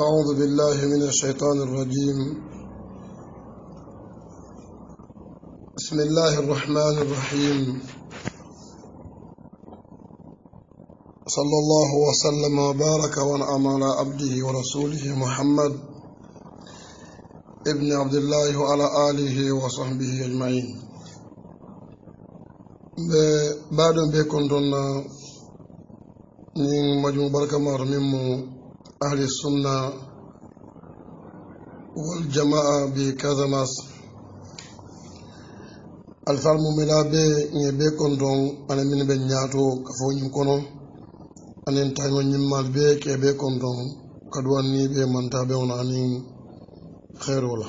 أعوذ بالله من الشيطان الرجيم بسم الله الرحمن الرحيم صلى الله وسلم وبارك وانعم على عبده ورسوله محمد ابن عبد الله وعلى آله وصحبه أجمعين بعد بكم دون نين مجموع بركة مار أهل السنة والجماعة بكذا ناس alifal mu mila be ŋe be konton ani min be ñaato kafo ñin kono anin taño ñimmal be ke be konton kaduwan ni be manta be ona anin xeero la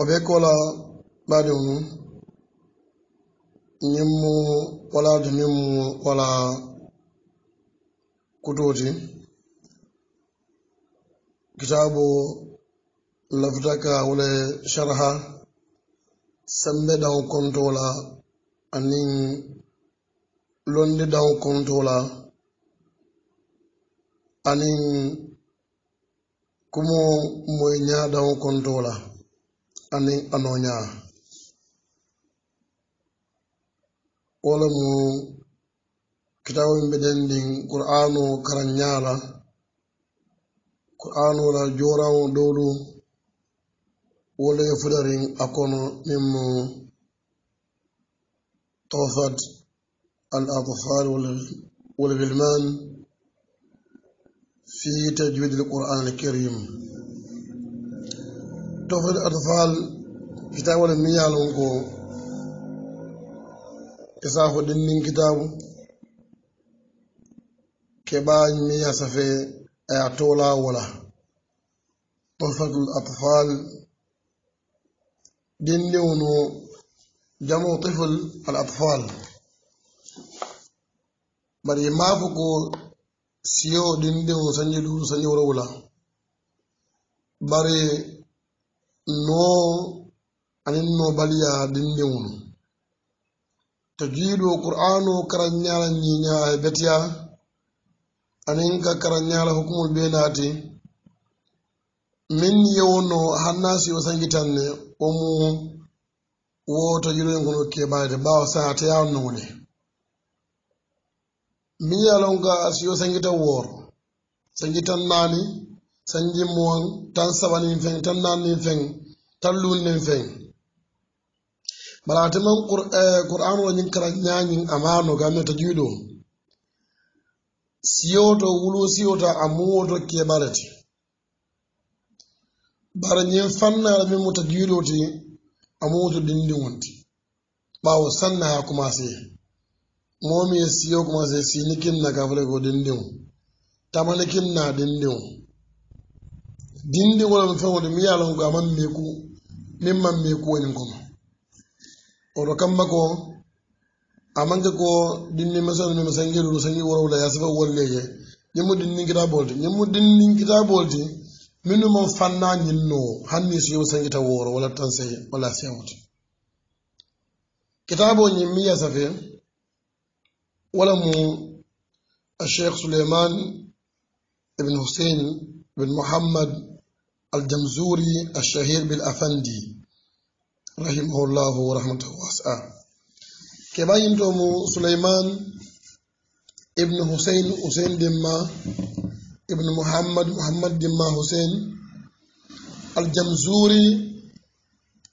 o be kola ɓaadiw nu ñin mu wala dumin mu wala kutoti kitabu lafutaka wala sharha sembe daw konto la anin londe daw konto la anin kumo moy nya daw konto la anin ano nya wala mu kitabu mbeden din qur'anu karan nya la qur'anula joraŋo dolu wole ye fudariŋ a kono miŋ mu tofat al atfal walghilman fi tajwid alquran alkarim tofat al atfal kitaabu le miŋ ye a loŋ ko isaafo dinniŋ kitaabu keɓaañ miŋ ye safee a tola wala tulfatul atfal dindiŋo no jamo tifl al atfal bari ye maa fo ko siyo dindiŋo sanji duuru sanji worowu la bari noo aniŋ noobaliya dindiŋo no tajuidoo qur'anoo aniŋ ka karanñala hukumul be naati min yewono hanna siwo sangitan ne wo mu wo tajuroyen kono kebalete ɓawa saa teyawan nowone min ye lon ka siwo sangitan wooro sangitan naani sanji muwan tan sabanin feŋ tan naannin feŋ tan lunnin feŋ bara ate man qur'an eh, ro ñiŋ karanñañiŋ amano gamne tajuido siyoto wulusiyoto a muwoto kebale ti bara ñiŋ fannaala miŋ mu tajwiro ti a muwoto dindiŋo ti ɓawo sanna ya commencé moo miŋ ye siyo commencé sini kim na ka fole ko dindiŋo tamani kim na dindiŋo dindiŋo lemu feŋo ti miŋ ye a loŋ ko a maŋ meeku miŋ maŋ meekuwo ñiŋ kono oto kamma ko amanke ko dinni mesan meme sangeɗuɗo sangi worowla ya safa wolleke ñemmo dinnin kitabolti ñemmo dinnin kitabolti minnu man fanna ñinnowo hanni so yomo sangita wooro walla tan sey walla sewti kitabo ñin miya safe wala mu الشيخ سليمان بن حسين بن محمد الجمزوري الشهير بالأفندي رحمه الله ورحمته واسعه ke ɓa yimtomo souleyman ibnu husein husein dimma ibnu muhammad muhammad dimma husein aljamzuri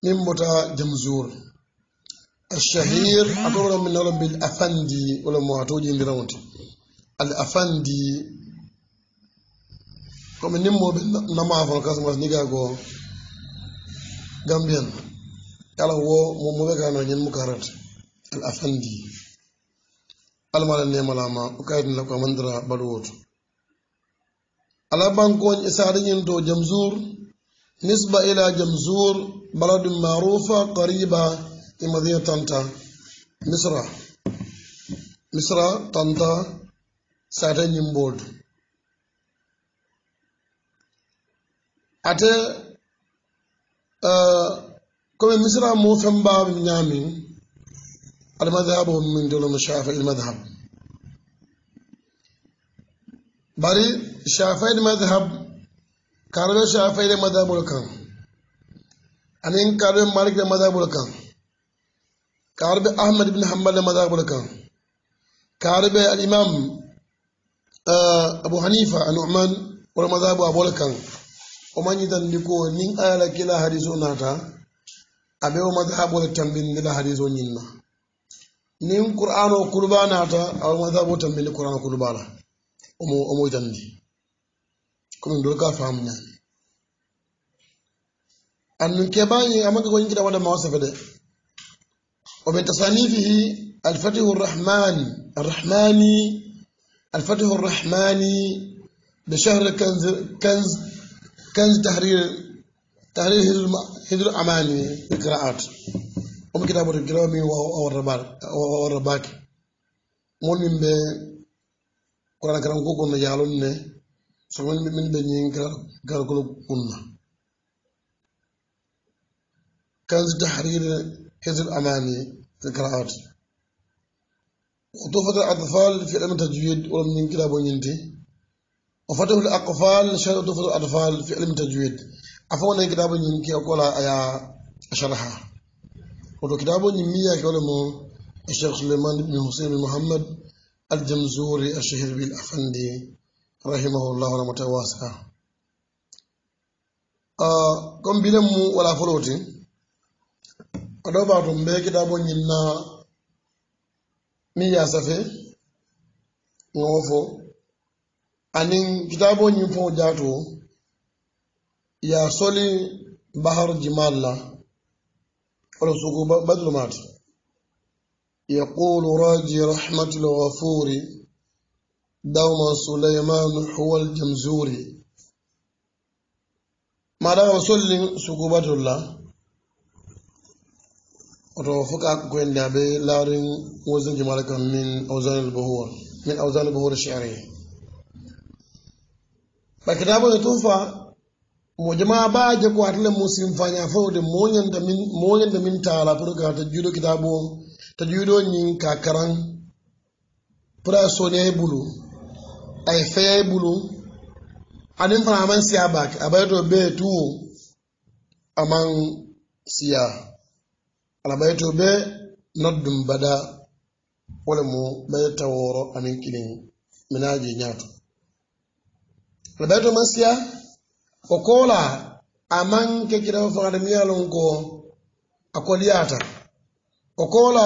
min bota jamzur alshahir atowolo min nolo bil afandi wala mo ndirawti al afandi komi nimmoɓe namafol kasmas go gambien ala wo ga no nyen mu karata alafandi almala nemalama o kayitana ko amandira baɗowoto ala bankoñ e saɗañin to jam nisba ila jam baladu marufa qariba e madina tanta misra misra tanta saɗañin boodu ate uh, komi misra mo fembaɓe ñamin مذهبهم من دون الشافعي المذهب bari shafai madhab karbe shafai da madhabul kan anin karbe malik da madhabul kan karbe ahmad ibn hanbal da madhabul kan karbe al imam abu hanifa an-nu'man wal madhabu abul kan o man yidan diko nin ala kila hadisu nata abe o madhabul tambin da hadisu nyinna nin qur'ano kuluba naata aw madhabo tambili qur'ano kuluba la omo omo itandi komi ndol ka faamu ñaani annun keɓañi amaka koñin kiɗa waɗa mawa safe de oɓe tasanifihi alfatihu rrahmani arrahmani alfatihu rrahmani be chahre kanz tahrir tahrir hidr amani qiraat omo kitaboto kirawa min awarta baake moolu min be kurana karan ko kono yaalon ne so min be ñin garakolo kunna kanzu tahrir hizb amani qira'at وطوفة الأطفال في علم التجويد ولم من كتاب ينتي وفتح الأقفال شهر طوفة الأطفال في علم التجويد عفوا كتاب ينتي أقول يا شرحه woto kitabu ñiŋ miŋ ye ke wo le mu الشيخ سليمان بن حسين بن محمد الجمزوري الشهربي الأفندي رحمه الله رحمة واسعة كم بلم ولا فلوتي أدو بعضهم بي كتابو نينا مي ياسفي نوفو أنين كتابو نين فو جاتو يا سولي بحر جمال الله ولسوكو بدل مات يقول راجي رحمة الغفور دوما سليمان هو الجمزوري ما دام سلم سوكو بدل الله wato fuka koyin da bai larin wazin jimalakan min auzan al-buhur min auzan al-buhur shi'ari ba da tufa mo jama baaje ko atale mo de fawde moñanda min moñanda min taala pour ga ta juudo kitabo ta juudo nyin ka karan pura sone ay bulu ay fey ay bulu anin fana man siya bak abayto be tuwo aman siya alabayto be noddum bada wala mo baye taworo anin kilin minaji nyaato alabayto man siya o koola aman ke kidama faŋata miŋ ye a loŋ ko a koliyaata o koola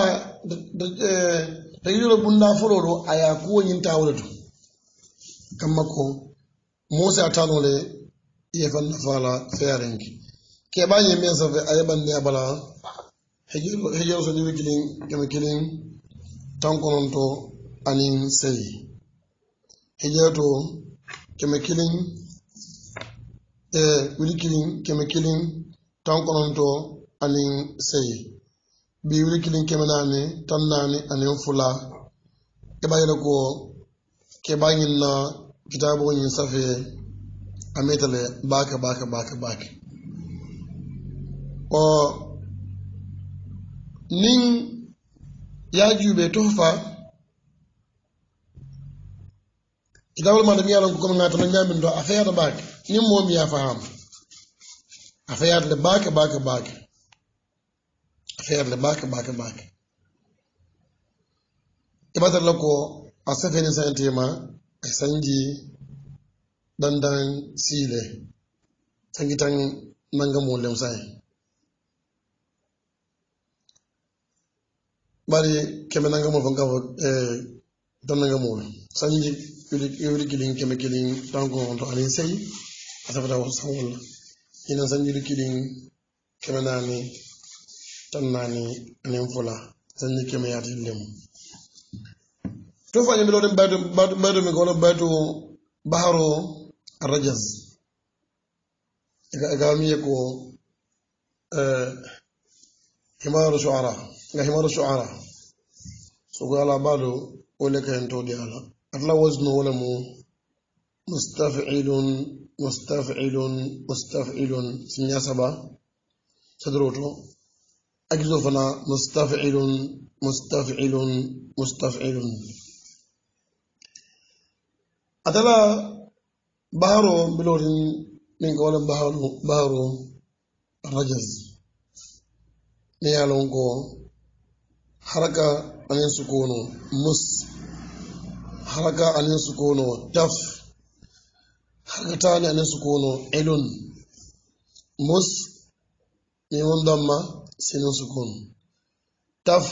eh, bunda fololu a ye a kuwo kamma ko moo si a le ye faŋ nafaa la feyariŋ ki keɓaa ñiŋ meŋ sanfɛ a ye bandiya bala hijiro to kilin. e wili kiliŋ kɛmɛ kiliŋ tan kɔnɔntɔn ani seyi bi wili kiliŋ naani taŋ naani aniŋ fula i be yɛrɛ ko kɛ b'a ɲini na kitaabo ɲin sanfɛ an bɛ baake baake baakɛ baakɛ baakɛ ɔ ni y'a jube tohfa kitaabo maadamiya lɔn ko kɔmi ŋa tana ɲaamin dɔ a fɛ yata ni mmoja mimi afahamu afayarle bake bake bake afayarle bake bake bake ibatar lako a safeni santema a sanji dandan sile sangi tan nanga lem sai bari keme nanga mo fanga eh dan nanga mo sanji yuri yuri kilin keme kilin tango onto alin sai asafata wo sawol ina sanjiri kiɗin keme naani tan naani anin fula sanji keme yaati lemu to fañi mbiɗo ɗen baytu baytu mi ko wona baytu baharo arrajas egamiye ko himaru shuara nga himaru shuara soko ala wo wole kayen towɗi ala atla wasno wole mo mustafilun mustaf'ilun mustaf'ilun sun ya saba sadroto agizo fana mustaf'ilun mustaf'ilun mustaf'ilun tara baharo bilorin min ka walan baharo rajas rajaz ne yalon ko haraka anin kono mus haraka anin kono taf hakatani anasukuno elun mus mimun damma sinin sukun taf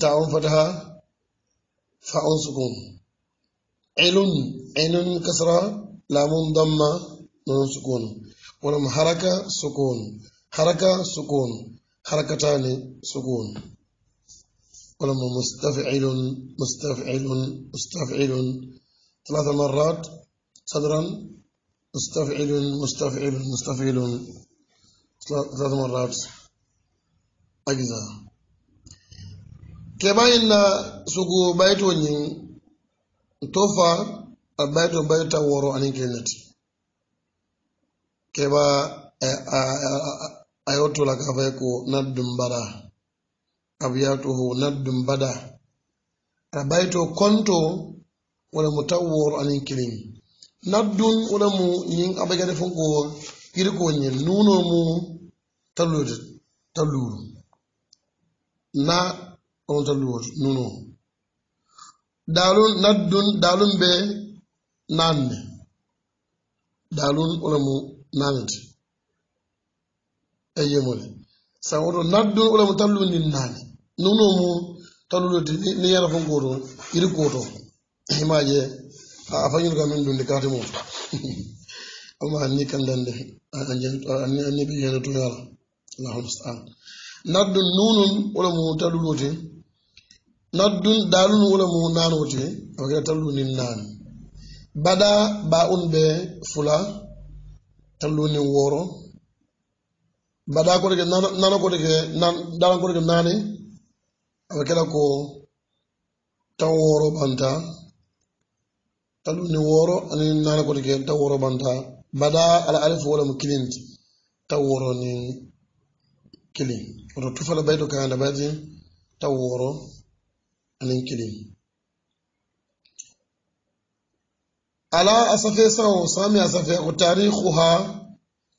ta'un fataha fa'un sukun elun elun kasra lamun damma nun sukun ولم حركة سكون حركة سكون حركتان سكون ولم مستفعل مستفعل مستفعل ثلاث مرات صدرا مستفعل مستفعل مستفعل ثلاث مرات أجزاء كما إن سوكو بيت ونين توفى بيت بايت ورو عن كلمة كما أيوتو لك فيكو ند مبرا أبياته ند مبدا بيت كنتو ولا متور عن كلمة laddun wolamu ñin abajade fonko yiriko ñel nuno mu tallude tallur na on tallur nuno dalun naddun dalun be nanne dalun wolamu nanete eyemole sawoto naddun wolamu tallundi nane nuno mu tallude ni yara fonko to yiri ko to himaje Ah, ah, ah, a fañol ka min dunde kaate mum oma anni kandande annabi hene toyala allahuma staan naddun nunun wala mu taɗulote naddun dalun wala mu nanote awakita tallunin nani bada ba unbe fula tallunin woro bada koteke nana koteke dalan koteke nane awa kela ko tan woro banta tanu ni woro ani nana ko ke ta woro banta bada al alif wala mu kilin ta woro ni kilin ro tufala baydo kan da baji ta woro ani kilin ala asafe sawo sami asafe ko tarikhuha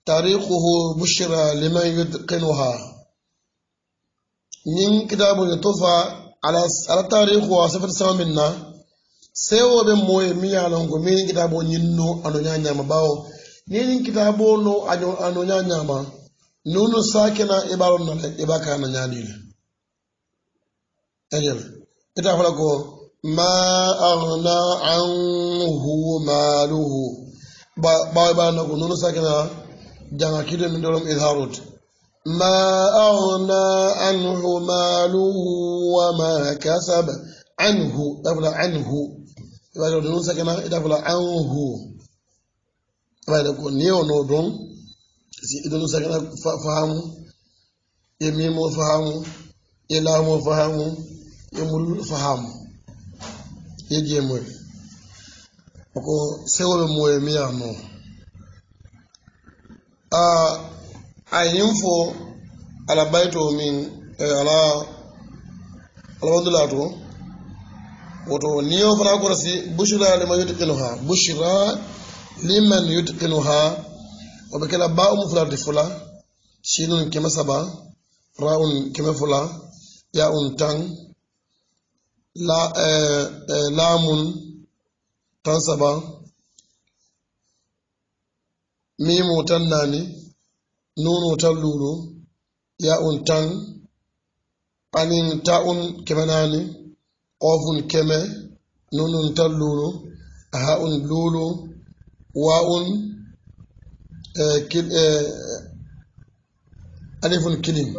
tarikhuhu bushra liman yutqinuha nin kitabu yutufa ala ala tarikhuha asafe sawo minna sewo be moye miyalongo minin kitabo nyinno ano ñañama ɓawo ninin kitabo no ano ma nunu sakena iɓaronnale iɓa kana ñaɗile ajel ita fala ko ma agna anhu maluhu Ba na ko nunu na janga kide min dolom idharut e ma agna anhu maluhu ma kasaba anhu ɗafla anhu ìbáṣọ ọdún sẹkẹnà ìdáfọlá anhu ìbáṣọ kò ní ọ̀nà ọdún sí ìdúnú sẹkẹnà fahamu èmi mo fahamu ìlà mo fahamu ìmúlú fahamu yéjì èmù ẹ̀ ọkọ̀ sẹ́wọ́n mi mú ẹ̀mí àmọ́ àyínfò alabaito mi ẹ̀ alá alabandulato. woto ni yo fana korasi bushra liman yutqinuha bushra liman yutqinuha o be kela ba umu fula sinun keme saba raun keme fula yaun tan la, eh, eh, lamun tan saba mimu tan naani nunu tan lulu yaun tan anin taun keme naani qofun keme nunun tan luulu haun luulu waun eh, eh, alifun kilin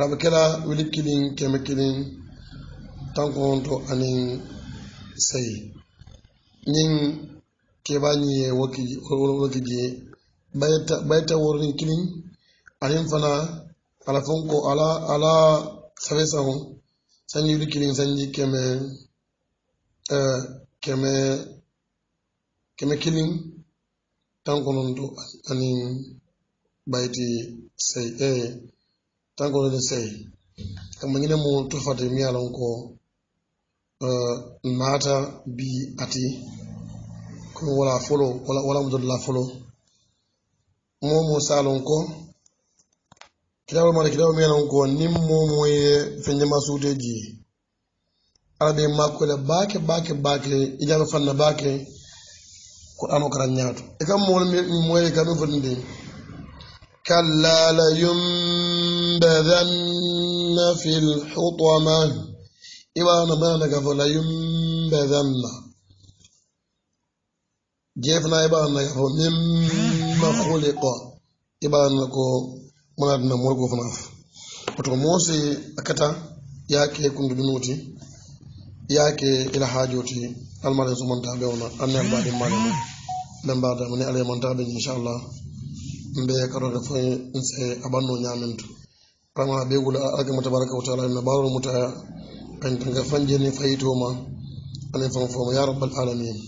rabe kela wili kilin keme kilin tan anin sayi ñin kebañiye wakkije bayta worni kilin anin fana ala fon ko ala ala safe sahon sanjiwde kilin sanji keme uh, keme keme kilin tankononto anin bayti sey e eh, tankononde sey kama ñine mo tufate mi yalon ko uh, eh, naata bi ati komi wala folo wala wala mudod la folo momo salon ko kitabu mata kitabu mena ko nin moo moo ye feñjama suute jii ala be makkole baake baake baake i jaabe fanna baake ko ano kara ñaato e kam mool moye kam mi foti ndin kalla la yumbadanna fi lhutama iwana mana ka fo la yumbadanna jeefna iɓanna ka fo mimma huliqa iɓanna ko maladna mool ko fana af oto moose akata yaake kundu dunuti yaake ila haajoti almalen sumantaɓe ona anne albaɗi malema ɓe mbadamani alayemantaɓe inchallah mbe kaɗoɗe fo se aɓanno ñaminto rama ɓe wula alkama tabaraka wa taala na ɓarol muta kañ tanga fanjeni fayitoma anen fan foma ya rabbal alamin